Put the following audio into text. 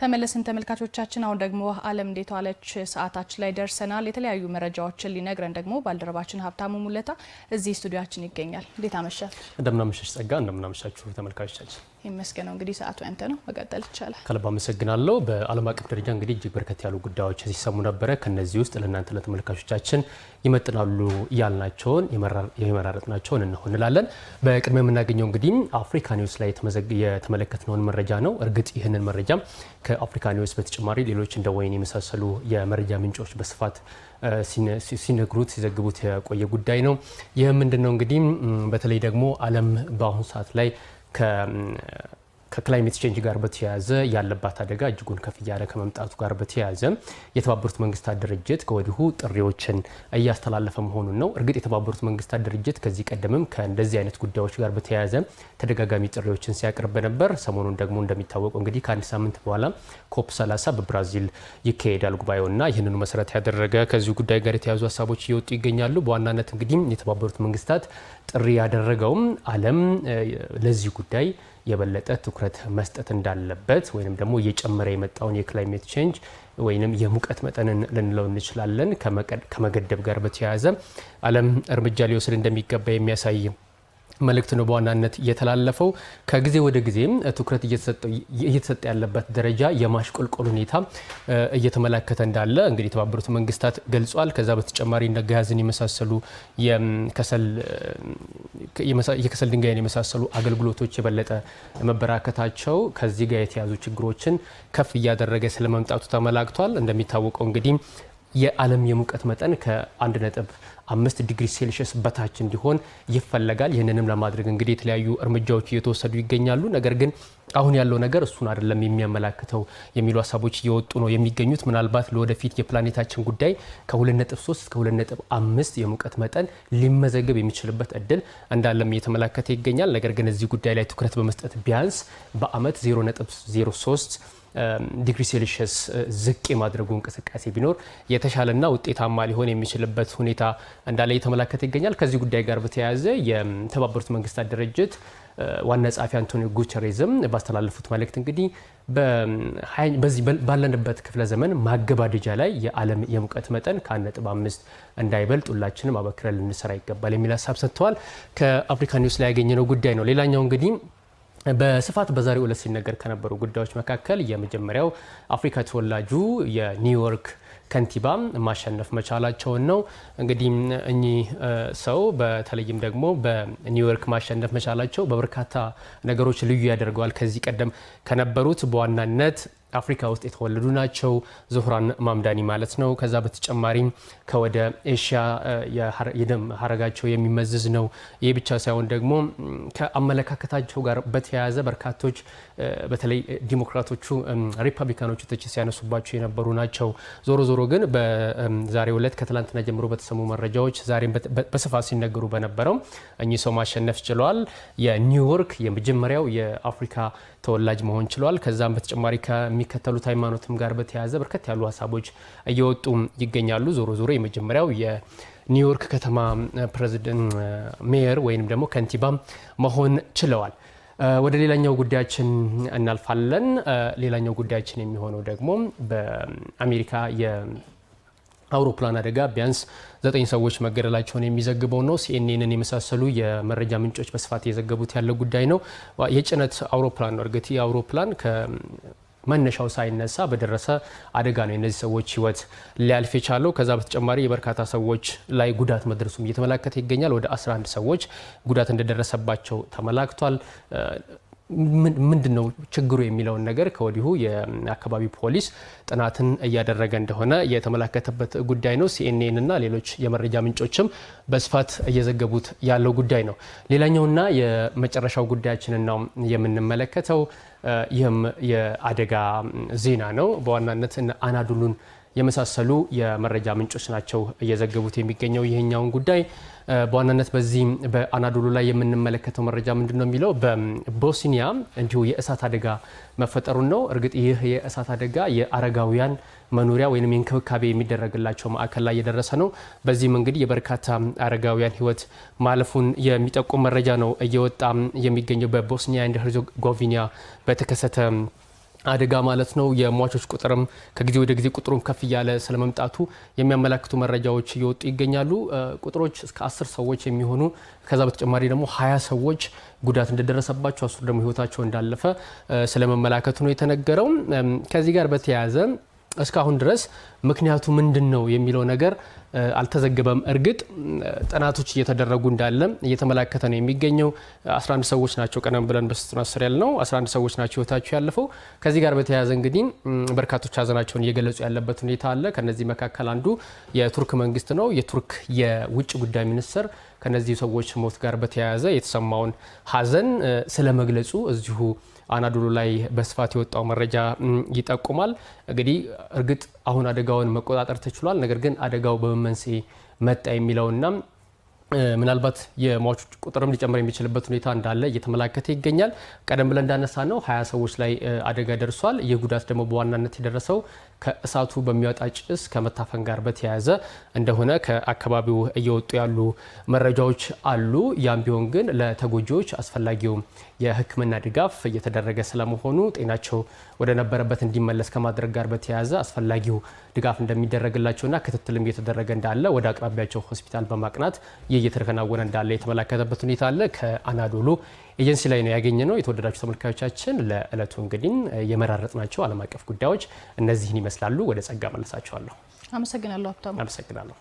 ተመለስን ተመልካቾቻችን። አሁን ደግሞ አለም እንዴት ዋለች ሰዓታችን ላይ ደርሰናል። የተለያዩ መረጃዎችን ሊነግረን ደግሞ ባልደረባችን ሀብታሙ ሙለታ እዚህ ስቱዲያችን ይገኛል። እንዴት አመሻ? እንደምናመሻሽ ጸጋ፣ እንደምናመሻችሁ ተመልካቾቻችን። ይመስገነው እንግዲህ ሰዓቱ ያንተ ነው፣ መቀጠል ይቻላል። ከልብ አመሰግናለሁ። በአለም አቀፍ ደረጃ እንግዲህ እጅግ በርከት ያሉ ጉዳዮች ሲሰሙ ነበረ። ከነዚህ ውስጥ ለእናንተ ለተመልካቾቻችን ይመጥናሉ ያልናቸውን የመራረጥናቸውን እነሆ እንላለን። በቅድሚያ የምናገኘው እንግዲህ አፍሪካ ኒውስ ላይ የተመለከትነውን መረጃ ነው። እርግጥ ይህንን መረጃ ከአፍሪካ ኒውስ በተጨማሪ ሌሎች እንደ ወይን የመሳሰሉ የመረጃ ምንጮች በስፋት ሲነግሩት ሲዘግቡት የቆየ ጉዳይ ነው። ይህ ምንድን ነው እንግዲህ በተለይ ደግሞ ዓለም በአሁኑ ሰዓት ላይ ከክላይሜት ቼንጅ ጋር በተያያዘ ያለባት አደጋ እጅጉን ከፍ እያለ ከመምጣቱ ጋር በተያያዘ የተባበሩት መንግስታት ድርጅት ከወዲሁ ጥሪዎችን እያስተላለፈ መሆኑን ነው። እርግጥ የተባበሩት መንግስታት ድርጅት ከዚህ ቀደምም ከእንደዚህ አይነት ጉዳዮች ጋር በተያያዘ ተደጋጋሚ ጥሪዎችን ሲያቀርብ ነበር። ሰሞኑን ደግሞ እንደሚታወቀው እንግዲህ ከአንድ ሳምንት በኋላ ኮፕ 30 በብራዚል ይካሄዳል ጉባኤውና ይህንኑ መሰረት ያደረገ ከዚሁ ጉዳይ ጋር የተያዙ ሀሳቦች እየወጡ ይገኛሉ። በዋናነት እንግዲህ የተባበሩት መንግስታት ጥሪ ያደረገውም አለም ለዚህ ጉዳይ የበለጠ ትኩረት መስጠት እንዳለበት ወይም ደግሞ እየጨመረ የመጣውን የክላይሜት ቼንጅ ወይም የሙቀት መጠንን ልንለው እንችላለን ከመገደብ ጋር በተያያዘ ዓለም እርምጃ ሊወስድ እንደሚገባ የሚያሳይ መልእክት ነው በዋናነት እየተላለፈው። ከጊዜ ወደ ጊዜም ትኩረት እየተሰጠ ያለበት ደረጃ የማሽቆልቆል ሁኔታ እየተመላከተ እንዳለ እንግዲህ የተባበሩት መንግስታት ገልጿል። ከዛ በተጨማሪ እንደ ጋዝን የመሳሰሉ የከሰል የከሰል ድንጋይን የመሳሰሉ አገልግሎቶች የበለጠ መበራከታቸው ከዚህ ጋር የተያዙ ችግሮችን ከፍ እያደረገ ስለመምጣቱ ተመላክቷል። እንደሚታወቀው እንግዲህ የዓለም የሙቀት መጠን ከ1.5 ዲግሪ ሴልሺየስ በታች እንዲሆን ይፈለጋል። ይህንንም ለማድረግ እንግዲህ የተለያዩ እርምጃዎች እየተወሰዱ ይገኛሉ። ነገር ግን አሁን ያለው ነገር እሱን አይደለም የሚያመላክተው የሚሉ ሀሳቦች እየወጡ ነው የሚገኙት። ምናልባት ለወደፊት የፕላኔታችን ጉዳይ ከ2.3 እስከ 2.5 የሙቀት መጠን ሊመዘገብ የሚችልበት እድል እንዳለም እየተመላከተ ይገኛል። ነገር ግን እዚህ ጉዳይ ላይ ትኩረት በመስጠት ቢያንስ በአመት 0.03 ዲግሪ ሴልሽስ ዝቅ የማድረጉ እንቅስቃሴ ቢኖር የተሻለና ውጤታማ ሊሆን የሚችልበት ሁኔታ እንዳለ እየተመላከተ ይገኛል። ከዚህ ጉዳይ ጋር በተያያዘ የተባበሩት መንግስታት ድርጅት ዋና ጸሐፊ አንቶኒዮ ጉተሬዝም ባስተላለፉት መልእክት እንግዲህ በዚህ ባለንበት ክፍለ ዘመን ማገባደጃ ላይ የዓለም የሙቀት መጠን ከ1.5 እንዳይበልጥ ሁላችንም አበክረን ልንሰራ ይገባል የሚል ሀሳብ ሰጥተዋል። ከአፍሪካ ኒውስ ላይ ያገኘነው ጉዳይ ነው። ሌላኛው እንግዲህ በስፋት በዛሬው ዕለት ሲነገር ከነበሩ ጉዳዮች መካከል የመጀመሪያው አፍሪካ ተወላጁ የኒውዮርክ ከንቲባ ማሸነፍ መቻላቸውን ነው። እንግዲህ እኚህ ሰው በተለይም ደግሞ በኒውዮርክ ማሸነፍ መቻላቸው በበርካታ ነገሮች ልዩ ያደርገዋል። ከዚህ ቀደም ከነበሩት በዋናነት አፍሪካ ውስጥ የተወለዱ ናቸው። ዞህራን ማምዳኒ ማለት ነው። ከዛ በተጨማሪም ከወደ ኤሽያ የደም ሀረጋቸው የሚመዝዝ ነው። ይህ ብቻ ሳይሆን ደግሞ ከአመለካከታቸው ጋር በተያያዘ በርካቶች በተለይ ዲሞክራቶቹ፣ ሪፐብሊካኖቹ ትችት ሲያነሱባቸው የነበሩ ናቸው። ዞሮ ዞሮ ግን በዛሬው ዕለት ከትላንትና ጀምሮ በተሰሙ መረጃዎች ዛሬም በስፋት ሲነገሩ በነበረው እኚህ ሰው ማሸነፍ ችለዋል። የኒውዮርክ የመጀመሪያው የአፍሪካ ተወላጅ መሆን ችሏል። ከዛም በተጨማሪ ከሚከተሉት ሃይማኖትም ጋር በተያያዘ በርከት ያሉ ሀሳቦች እየወጡ ይገኛሉ። ዞሮ ዞሮ የመጀመሪያው የኒውዮርክ ከተማ ፕሬዚደንት ሜየር ወይም ደግሞ ከንቲባ መሆን ችለዋል። ወደ ሌላኛው ጉዳያችን እናልፋለን። ሌላኛው ጉዳያችን የሚሆነው ደግሞ በአሜሪካ አውሮፕላን አደጋ ቢያንስ ዘጠኝ ሰዎች መገደላቸውን የሚዘግበው ነው። ሲኤንኤንን የመሳሰሉ የመረጃ ምንጮች በስፋት የዘገቡት ያለ ጉዳይ ነው። የጭነት አውሮፕላን ነው። እርግጥ ይህ አውሮፕላን መነሻው ሳይነሳ በደረሰ አደጋ ነው የነዚህ ሰዎች ህይወት ሊያልፍ የቻለው። ከዛ በተጨማሪ የበርካታ ሰዎች ላይ ጉዳት መድረሱም እየተመላከተ ይገኛል። ወደ 11 ሰዎች ጉዳት እንደደረሰባቸው ተመላክቷል። ምንድን ነው ችግሩ የሚለውን ነገር ከወዲሁ የአካባቢ ፖሊስ ጥናትን እያደረገ እንደሆነ የተመላከተበት ጉዳይ ነው። ና ሌሎች የመረጃ ምንጮችም በስፋት እየዘገቡት ያለው ጉዳይ ነው። ሌላኛውና የመጨረሻው ጉዳያችንን ነው የምንመለከተው። ይህም የአደጋ ዜና ነው። በዋናነት አናዱሉን የመሳሰሉ የመረጃ ምንጮች ናቸው እየዘገቡት የሚገኘው ይህኛውን ጉዳይ። በዋናነት በዚህ በአናዶሎ ላይ የምንመለከተው መረጃ ምንድን ነው የሚለው በቦስኒያ እንዲሁ የእሳት አደጋ መፈጠሩን ነው። እርግጥ ይህ የእሳት አደጋ የአረጋውያን መኖሪያ ወይም የእንክብካቤ የሚደረግላቸው ማዕከል ላይ የደረሰ ነው። በዚህም እንግዲህ የበርካታ አረጋውያን ሕይወት ማለፉን የሚጠቁም መረጃ ነው እየወጣ የሚገኘው በቦስኒያ ኤንድ ሄርዞጎቪና በተከሰተ አደጋ ማለት ነው። የሟቾች ቁጥርም ከጊዜ ወደ ጊዜ ቁጥሩም ከፍ እያለ ስለመምጣቱ የሚያመላክቱ መረጃዎች እየወጡ ይገኛሉ። ቁጥሮች እስከ አስር ሰዎች የሚሆኑ ከዛ በተጨማሪ ደግሞ ሀያ ሰዎች ጉዳት እንደደረሰባቸው አስሩ ደግሞ ህይወታቸው እንዳለፈ ስለመመላከቱ ነው የተነገረው። ከዚህ ጋር በተያያዘ እስካሁን ድረስ ምክንያቱ ምንድን ነው የሚለው ነገር አልተዘገበም። እርግጥ ጥናቶች እየተደረጉ እንዳለ እየተመላከተ ነው የሚገኘው። 11 ሰዎች ናቸው ቀደም ብለን በስጥናት ስር ያልነው 11 ሰዎች ናቸው ህይወታቸው ያለፈው። ከዚህ ጋር በተያያዘ እንግዲህ በርካቶች ሀዘናቸውን እየገለጹ ያለበት ሁኔታ አለ። ከነዚህ መካከል አንዱ የቱርክ መንግስት ነው። የቱርክ የውጭ ጉዳይ ሚኒስትር ከነዚህ ሰዎች ሞት ጋር በተያያዘ የተሰማውን ሀዘን ስለ መግለጹ እዚሁ አናዶሎ ላይ በስፋት የወጣው መረጃ ይጠቁማል። እንግዲህ እርግጥ አሁን አደጋውን መቆጣጠር ተችሏል። ነገር ግን አደጋው መንስኤ መጣ የሚለውና ምናልባት የሟቹ ቁጥርም ሊጨምር የሚችልበት ሁኔታ እንዳለ እየተመላከተ ይገኛል። ቀደም ብለን እንዳነሳ ነው ሀያ ሰዎች ላይ አደጋ ደርሷል። ይህ ጉዳት ደግሞ በዋናነት የደረሰው ከእሳቱ በሚወጣ ጭስ ከመታፈን ጋር በተያያዘ እንደሆነ ከአካባቢው እየወጡ ያሉ መረጃዎች አሉ። ያም ቢሆን ግን ለተጎጂዎች አስፈላጊው የሕክምና ድጋፍ እየተደረገ ስለመሆኑ ጤናቸው ወደ ነበረበት እንዲመለስ ከማድረግ ጋር በተያያዘ አስፈላጊው ድጋፍ እንደሚደረግላቸውና ክትትልም እየተደረገ እንዳለ ወደ አቅራቢያቸው ሆስፒታል በማቅናት እየተከናወነ እንዳለ የተመላከተበት ሁኔታ አለ። ከአናዶሎ ኤጀንሲ ላይ ነው ያገኘ ነው። የተወደዳችሁ ተመልካዮቻችን ለእለቱ እንግዲህ ናቸው ዓለም አቀፍ ጉዳዮች እነዚህን ይመስላሉ። ወደ ጸጋ መለሳችኋለሁ። አመሰግናለሁ ሀብታሙ። አመሰግናለሁ።